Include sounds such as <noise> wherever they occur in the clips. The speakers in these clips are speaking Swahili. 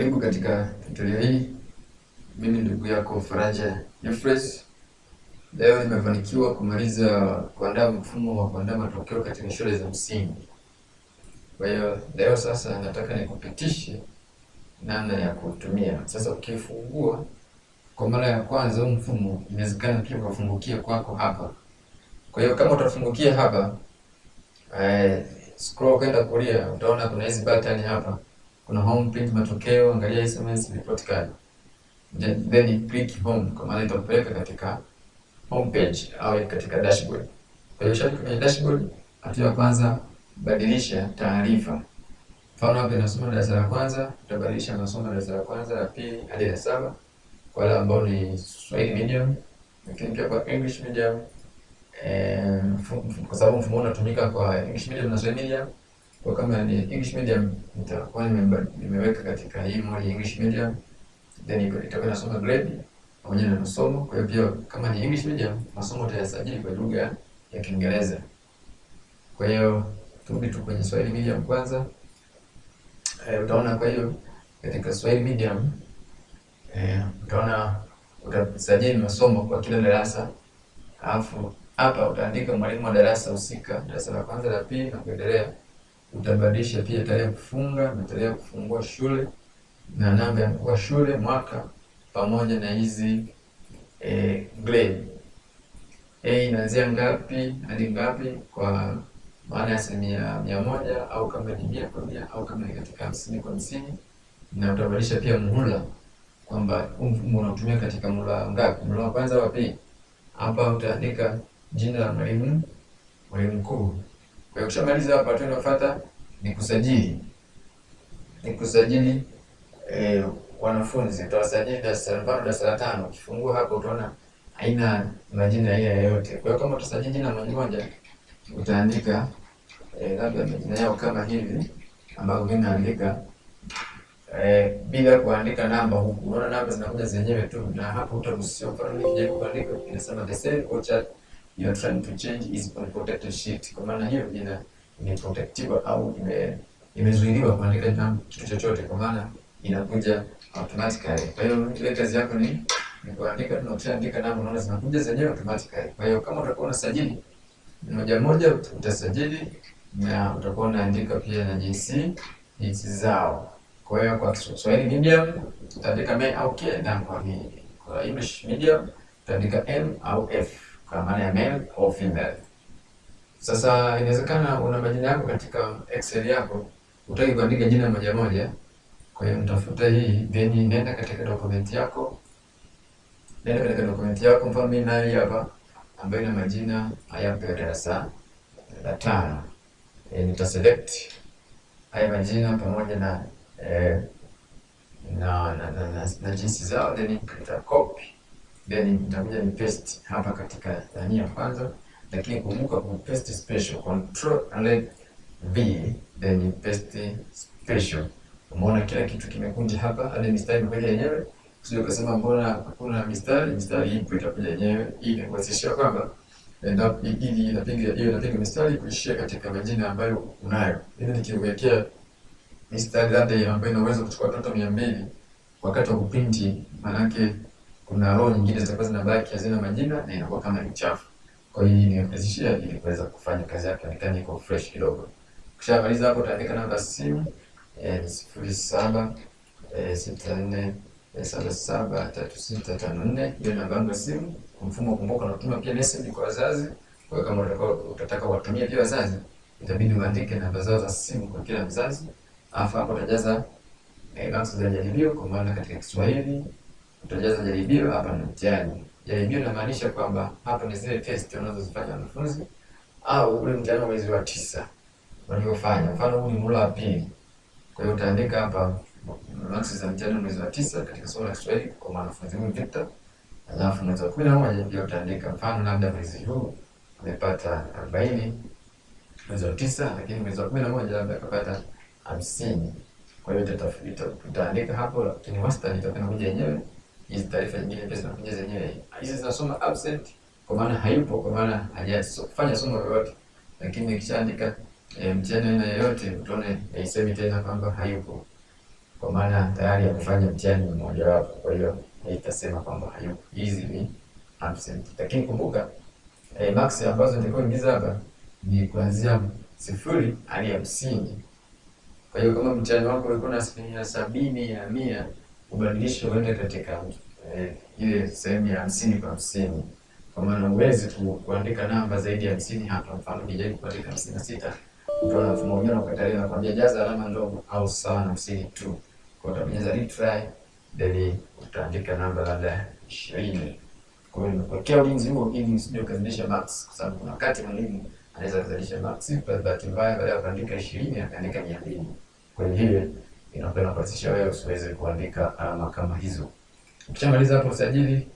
Karibu katika tutorial hii. Mimi ndugu yako Faraja Jeffreys. Leo nimefanikiwa kumaliza kuandaa mfumo wa kuandaa matokeo katika shule za msingi. Kwa hiyo leo sasa nataka nikupitishe namna ya kutumia. Sasa ukifungua kwa mara ya kwanza huu mfumo, inawezekana pia ukafungukia kwako hapa. Kwa hiyo kama utafungukia hapa, eh, scroll kwenda kulia, utaona kuna hizi button hapa kuna home, print matokeo, angalia SMS report card, then click home, kwa maana itakupeleka katika home page au katika dashboard. Kwa hiyo shati kwenye dashboard, hatua ya kwanza badilisha taarifa. Mfano hapa inasoma darasa la kwanza, utabadilisha masomo darasa la kwanza, la pili hadi la saba kwa wale ambao ni Swahili medium, lakini pia kwa English medium eh, kwa sababu mfumo unatumika kwa English medium na Swahili medium kwa kama ni English medium nitakuwa nimeweka katika hii moja English medium, then itakuwa nasoma grade pamoja na masomo. Kwa hiyo kama ni English medium, masomo utayasajili kwa lugha ya Kiingereza. Kwa hiyo turudi tu kwenye Swahili medium kwanza. E, utaona kwa hiyo katika Swahili medium e, utaona utasajili masomo kwa kila darasa, alafu hapa utaandika mwalimu wa darasa husika, darasa la kwanza, la pili na kuendelea utabadilisha pia tarehe ya kufunga na tarehe ya kufungua shule na namba ya shule mwaka pamoja na hizi e, grade a inaanzia ngapi hadi ngapi kwa maana ya asilimia mia moja au kama ni mia kwa mia au kama ni katika hamsini kwa hamsini na utabadilisha pia muhula kwamba unaotumia katika muhula ngapi muhula wa kwanza wa pili hapa utaandika jina la mwalimu mwalimu mkuu kwa hiyo ukishamaliza hapa, hatua inayofuata ni kusajili ni kusajili eh, wanafunzi utawasajili darasa la mfano darasa la tano. Ukifungua hapo utaona haina majina aina yote. Kwa hiyo kama utasajili jina moja, utaandika eh, labda majina yao kama hivi ambavyo mimi naandika eh, bila kuandika namba huku. Unaona namba zinakuja zenyewe tu, na hapo utaruhusiwa. kwa nini kuandika inasema the same or chat you are trying to change is unprotected sheet. Kwa maana hiyo jina imeprotectiwa au ime imezuiliwa kuandika jambo kitu chochote, kwa maana inakuja automatically. Kwa hiyo ile kazi yako ni ni kuandika tu, ukishaandika namba unaona zinakuja zenyewe automatically. Kwa hiyo kama utakuwa unasajili moja moja, utasajili na utakuwa unaandika pia na jinsi jinsi zao. Kwa hiyo kwa Kiswahili medium utaandika m au k, na kwa English medium utaandika m au f kama ya male au female. Sasa inawezekana una majina yako katika Excel yako, utaki kuandika jina moja moja. Kwa hiyo mtafuta hii, then nenda katika document yako, nenda katika document yako. Mfano mimi nayo hapa, ambayo ina majina haya ya darasa la tano. E, nitaselect haya majina pamoja na, e, na, na, na, na, na jinsi zao, then nita copy then nitakuja ni paste hapa katika dhani ya kwanza, lakini kumbuka ku paste special control and v then ni paste special. Umeona kila kitu kimekuja hapa, hadi mistari imekuja yenyewe. Sio ukasema mbona hakuna mistari. Mistari ipo, itakuja yenyewe. Hii ni inakuhakikishia kwamba endapo ili inapiga hiyo inapiga mistari kuishia katika majina ambayo unayo. Ili nikiwekea mistari labda ambayo inaweza kuchukua watoto 200 wakati wa kupinti, manake kuna roho nyingine zitakuwa zinabaki hazina majina na inakuwa kama ni uchafu. Kwa hiyo nimepitishia ili kuweza kufanya kazi yake ionekane iko fresh kidogo. Ukishamaliza hapo utaandika namba ya simu eh, sifuri saba eh, sita nne eh, saba saba tatu sita tano nne. Hiyo namba yangu ya simu. Mfumo kumbuka, unatuma pia message kwa wazazi. Kwa hiyo kama utataka utataka watumie pia wazazi, itabidi uandike namba zao za simu kwa kila mzazi, afa hapo utajaza eh, answer za jaribio kwa maana katika Kiswahili utajaza jaribio hapa ni mtihani. Jaribio inamaanisha kwamba hapa ni zile test wanazozifanya wanafunzi au ule mtihani wa mwezi wa tisa waliofanya. Mfano huu ni muhula wa pili, kwa hiyo utaandika hapa maksi za mtihani wa mwezi wa tisa katika somo la Kiswahili kwa mwanafunzi huyu Victor, alafu mwezi wa kumi na moja pia utaandika mfano, labda mwezi huu amepata arobaini mwezi wa tisa, lakini mwezi wa kumi na moja labda akapata hamsini. Kwa hiyo utaandika hapo, lakini wastani itakuwa inakuja yenyewe hizi taarifa nyingine pia zinakuja zenyewe. Hizi zinasoma absent kwa maana hayupo, kwa maana hajafanya somo lolote, lakini ikishaandika e, eh, mtihani aina yoyote utone haisemi eh, tena kwamba hayupo, kwa maana tayari amefanya mtihani mmoja wapo, kwa hiyo haitasema kwamba hayupo. Hizi ni absent, lakini kumbuka e, max ambazo nilikuwa ingiza hapa ni kuanzia sifuri hadi hamsini. Kwa hiyo kama mtihani wako ulikuwa na asilimia sabini ya mia ubadilishe uende katika eh, ile sehemu ya hamsini kwa hamsini kwa maana huwezi kuandika namba zaidi ya hamsini hapa. Mfano kijaribu kuandika hamsini na sita utaona mfumo mwingine unakatalia, kwambia jaza alama ndogo au sawa na hamsini tu. Kwa hiyo utabonyeza retry then utaandika namba labda ishirini. Kwa hiyo nimekuwekea ulinzi huo ili usije ukazidisha max, kwa sababu kuna wakati mwalimu anaweza kuzidisha max, bahati mbaya baada ya kuandika ishirini akaandika mia mbili. Kwa hiyo inakuwa inakuwezesha wewe usiweze kuandika alama ah, kama hizo. Ukishamaliza hapo usajili,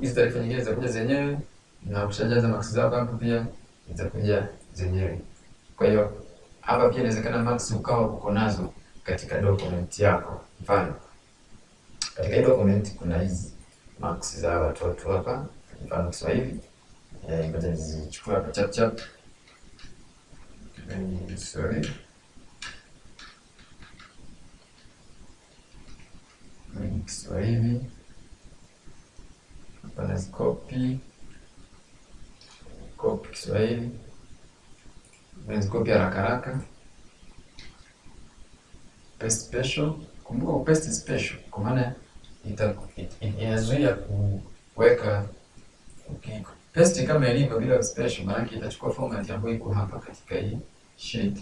hizi taarifa nyingine zitakuja zenyewe na ukishajaza max zako hapo pia zitakuja zenyewe. Kwa hiyo hapa pia inawezekana max ukawa uko nazo katika document yako. Mfano, katika document kuna hizi max za watoto hapa, mfano Kiswahili. Eh, ngoja nizichukua hapa chap chap. Sorry. ni Kiswahili. Hapa nazi copy copy Kiswahili, nazi copy haraka haraka, paste special. Kumbuka upaste special, kwa maana inazuia kuweka okay. Paste kama ilivyo bila special, maana itachukua format ambayo iko hapa katika hii sheet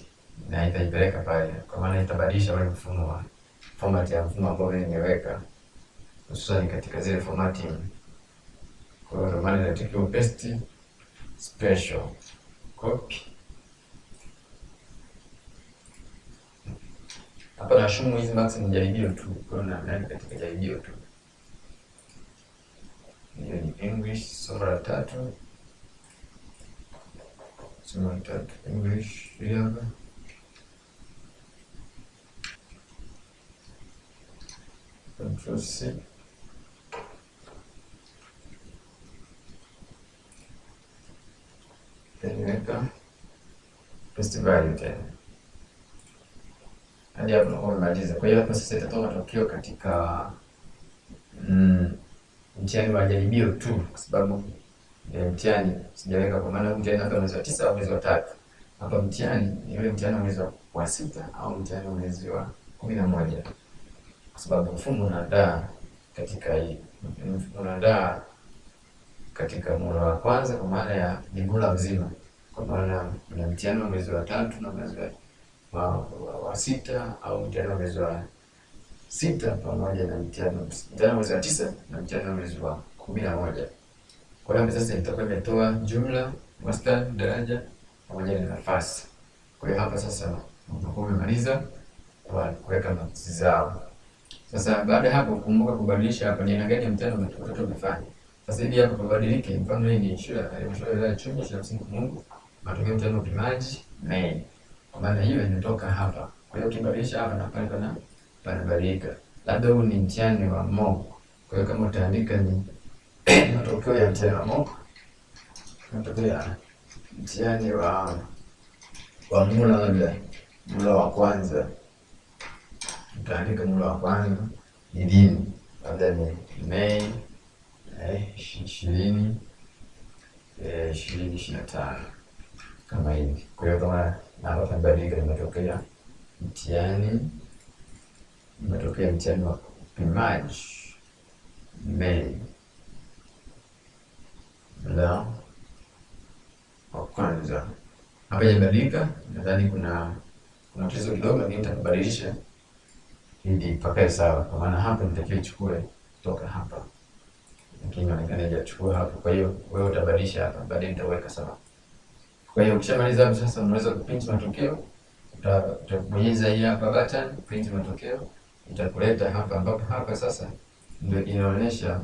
na itaipeleka pale, kwa maana itabadilisha wale mfumo wake format ya mfumo ambao mimi nimeweka hususan katika zile formatting. Kwa hiyo ndio maana inatakiwa paste special copy. Hapa na shumu hizi max ni jaribio tu, kwa hiyo naamini katika jaribio tu. Hiyo ni English sura ya tatu, sura ya tatu English hiyo hapa Control C. Niweka paste value tena hadi hapo nakuwa umemaliza. Kwa hiyo hapa sasa itatoa matokeo katika mm, mtihani wa jaribio tu, kwa sababu ya mtihani sijaweka, kwa maana mtihani hapa mwezi wa tisa au mwezi wa tatu. Hapa mtihani ni ule mtihani wa mwezi wa sita au mtihani wa mwezi wa kumi na moja sababu mfumo unaandaa katika hii unaandaa katika mura wa kwanza, kwa maana ya ni mura mzima, kwa maana na mtihani wa mwezi wa tatu na mwezi wa, wa sita au mtihani wa mwezi wa sita pamoja na mtihani wa mwezi wa tisa na mtihani wa mwezi wa kumi na moja. Kwa hiyo sasa itakuwa imetoa jumla, wastani, daraja pamoja na nafasi. Kwa hiyo hapa sasa utakuwa umemaliza kwa kuweka nafasi zao. Sasa baada ya hapo kumbuka kubadilisha hapa ni aina gani ya mtihani umetoka umefanya. Sasa hivi hapa kubadilike, mfano hii ni shule ya shule ya chuo cha msingi Mungu, matokeo mtihani wa upimaji main. Kwa maana hiyo inatoka hapa. Kwa hiyo ukibadilisha hapa na pale pana panabadilika. Labda huu ni mtihani wa mock. Kwa hiyo kama utaandika ni <coughs> matokeo ya mtihani wa mock. Matokeo ya mtihani wa wa mula labda mula wa kwanza tukaandika mula wa kwanza ni lini, labda ni Mei eh, ishirini eh, ishirini ishirini na tano kama hivi. Kwa hiyo kama napata badilika limetokea mtihani limetokea mtihani wa upimaji Mei la wa kwanza hapa imebadilika, nadhani kuna kuna tatizo kidogo, lakini nitakubadilisha ili pakae sawa, kwa maana hapa nitakiwa chukue kutoka hapa, lakini inaonekana haijachukua hapo. Kwa hiyo wewe utabadilisha hapa, baadaye nitaweka sawa. Kwa hiyo ukishamaliza hapo, sasa unaweza kuprint matokeo. Utabonyeza hii hapa button print matokeo, itakuleta hapa, ambapo hapa sasa ndio inaonyesha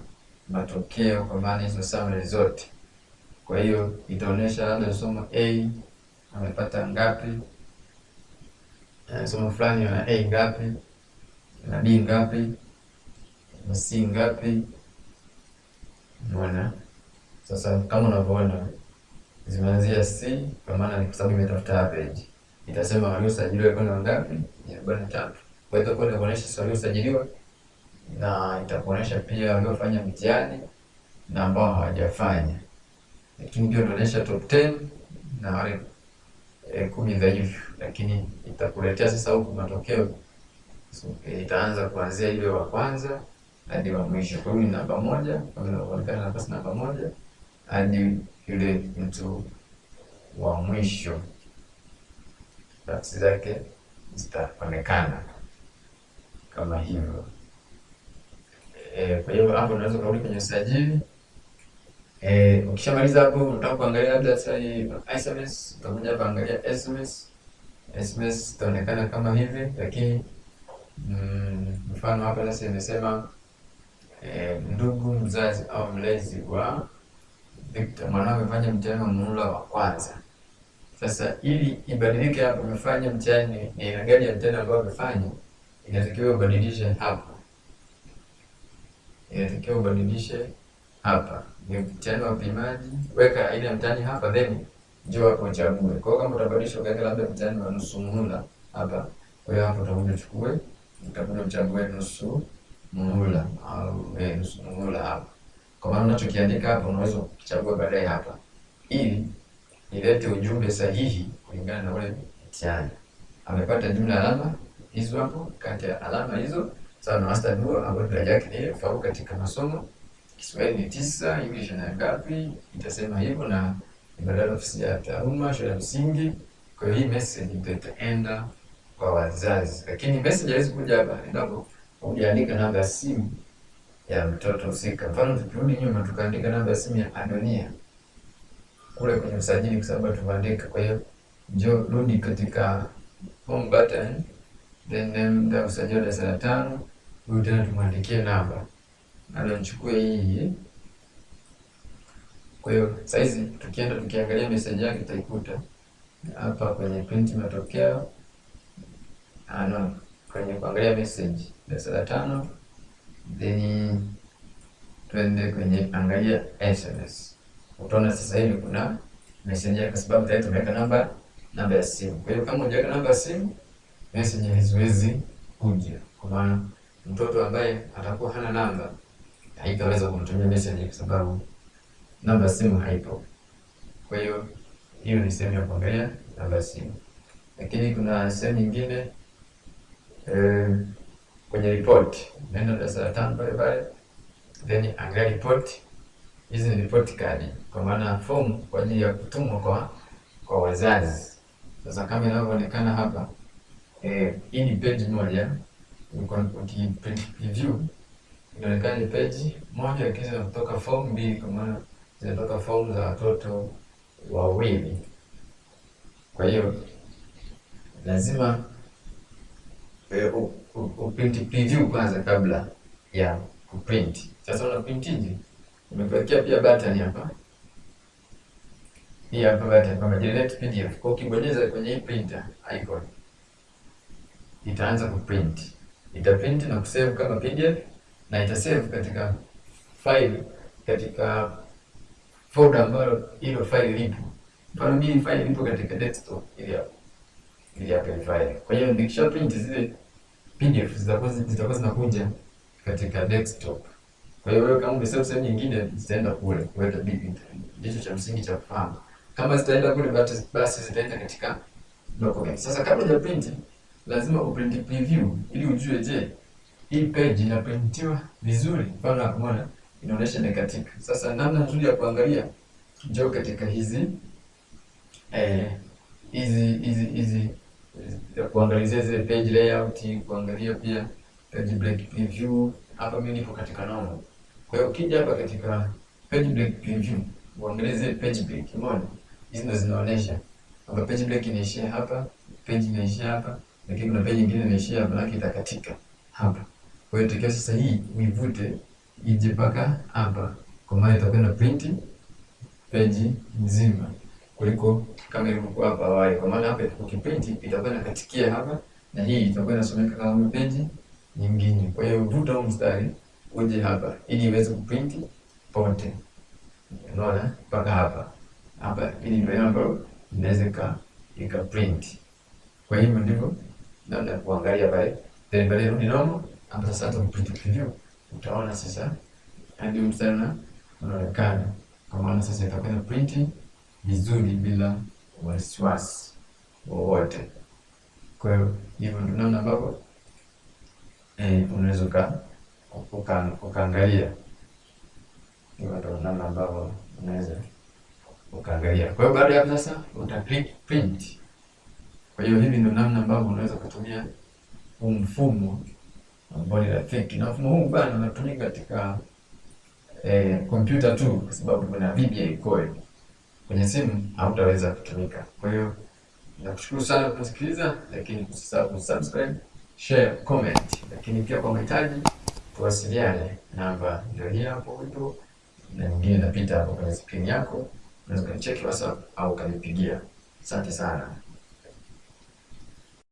matokeo, kwa maana hizo summary zote. Kwa hiyo itaonyesha labda somo A amepata ngapi, eh, somo fulani ana A ngapi na D ngapi na C ngapi? Unaona sasa, kama unavyoona zimeanzia C kwa maana ni kwa sababu imetafuta average, itasema waliosajiliwa kwa namba ngapi? Ni arobaini na tatu. Kwa hiyo itakuwa inakuonyesha sasa waliosajiliwa na itakuonyesha pia waliofanya mtihani na ambao hawajafanya, lakini pia itaonyesha top 10 na wale eh, kumi za hivyo, lakini itakuletea sasa huku matokeo Eh, itaanza kuanzia ile wa kwanza hadi wa mwisho. Kwa hiyo ni namba moja inaonekana nafasi namba moja hadi yule mtu wa mwisho, nafsi zake zitaonekana kama hivyo. E, kwa hiyo hapo unaweza kurudi kwenye usajili. E, ukishamaliza hapo unataka kuangalia labda sasa SMS, utakuja kuangalia SMS. SMS itaonekana kama hivi lakini Mm, mfano hapa sasa imesema e, eh, ndugu mzazi au mlezi wa Victor mwanao amefanya mtihani wa muhula wa kwanza. Sasa ili ibadilike hapo, amefanya mtihani ni aina gani ya mtihani ambayo amefanya, inatakiwa ubadilishe hapo, inatakiwa ubadilishe hapa, ni mtihani wa upimaji, weka aina ya mtihani hapa, then jua hapo uchague. Kwa hiyo kama utabadilisha ukaweka labda mtihani wa nusu muhula hapa, kwa hiyo hapo utakuja uchukue mtavuna mchango wenu nusu muhula au eh, nusu muhula hapa. Kwa maana unachokiandika hapa unaweza kuchagua baadaye hapa, ili ilete ujumbe sahihi kulingana na ule mtihani. Amepata jumla ya alama hizo hapo, kati ya alama hizo sawa na wastani huo ambao daraja yake ni ile. katika masomo Kiswahili ni tisa, English na ngapi, itasema hivyo na ibada ofisi ya taaluma shule ya msingi. Kwa hiyo hii message itaenda kwa wazazi, lakini message haiwezi kuja hapa endapo hujaandika namba ya simu ya mtoto husika. Mfano, tukirudi nyuma tukaandika namba ya simu ya Adonia kule kwenye usajili, kwa sababu tumeandika. Kwa hiyo njoo rudi katika home button, then name ya usajili darasa la tano, huyu tena tumwandikie namba alionchukue hii. Kwa hiyo saizi tukienda tukiangalia message yake utaikuta hapa kwenye print matokeo ano Kwenye kuangalia message darasa la tano, then twende kwenye angalia SMS. Utaona sasa hivi kuna messenger, kwa sababu tayari tumeweka namba namba ya simu. Kwa hiyo kama hujaweka namba ya simu, message haziwezi kuja, kwa maana mtoto ambaye atakuwa hana namba haitaweza kumtumia message kwa sababu namba simu haipo. Kwa hiyo hiyo ni sehemu ya kuangalia namba simu, lakini kuna sehemu nyingine Eh, kwenye ripoti neno la tano pale pale, then angalia ripoti hizi. Ni ripoti kadi, kwa maana fomu kwa ajili ya kutumwa kwa kwa wazazi. Sasa kama inavyoonekana hapa eh, hii ni page moja, ukireview inaonekana ni page moja, kisha kutoka fomu mbili, kwa maana zinatoka fomu za watoto wawili. Kwa hiyo lazima Eh, uprint preview kwanza kabla ya kuprint. Sasa una printije? Nimekuwekea pia button hapa. Hii hapa button kama generate PDF. Kwa ukibonyeza kwenye hii printer icon itaanza kuprint. Itaprint na kusave kama PDF na itasave katika file katika folder ambayo hilo file lipo. Mfano mimi file lipo katika desktop ili hapo ya file. Kwa hiyo nikisha print zile PDF zitakuwa zinakuja katika desktop. Kwa hiyo wewe kama umesema sehemu nyingine zitaenda kule, kwa hiyo big ndicho cha msingi cha kufahamu. Kama zitaenda kule basi basi zitaenda katika document. Sasa kabla ya print lazima uprint preview ili ujue je, hii page inaprintiwa vizuri mfano unaona inaonyesha negative. Sasa namna nzuri ya kuangalia njoo katika hizi eh hizi hizi hizi Eh, ya kuangalizia zile page layout, kuangalia pia page break preview. Hapa mimi niko katika normal. Kwa hiyo ukija hapa katika page break preview, uangalie page break, umeona hizi ndo zinaonesha kwamba page break inaishia hapa, page inaishia hapa, lakini kuna page nyingine inaishia hapa, lakini itakatika hapa. Kwa hiyo tokea sasa hii uivute ije mpaka hapa, kwa maana itakwenda print page nzima kuliko kama ilivyokuwa hapa awali, kwa maana hapa ukiprint itakuwa inakatikia hapa na hii itakuwa inasomeka kama peji nyingine. Kwa hiyo vuta huu mstari uje hapa ili iweze kuprint pote, unaona, mpaka hapa hapa. Ili ndio ambayo inaweza ika print. Kwa hiyo ndivyo namna ya kuangalia pale, then baadaye rudi nomo hapa. Sasa hata print preview utaona sasa, hadi mstari na unaonekana, kwa maana sasa itakwenda printing vizuri bila wasiwasi wowote. Kwa hiyo hivyo ndio namna ambavyo e, unaweza ukaangalia hivyo ndio namna ambavyo unaweza ukaangalia. Kwa hiyo baada ya sasa uta click print. Kwa hiyo hivi ndio namna ambavyo unaweza kutumia huu mfumo ambao ni Rafiki, na mfumo huu bana unatumika katika eh, kompyuta tu, kwa sababu kuna VBA code kwenye simu hautaweza kutumika. Kwa hiyo nakushukuru sana kwa kusikiliza, lakini usisahau kusubscribe, share, comment, lakini pia kwa mahitaji tuwasiliane, namba ndio hii hapo ipo na nyingine inapita hapo kwenye skrini yako, unaweza kunicheki WhatsApp au kanipigia. Asante sana.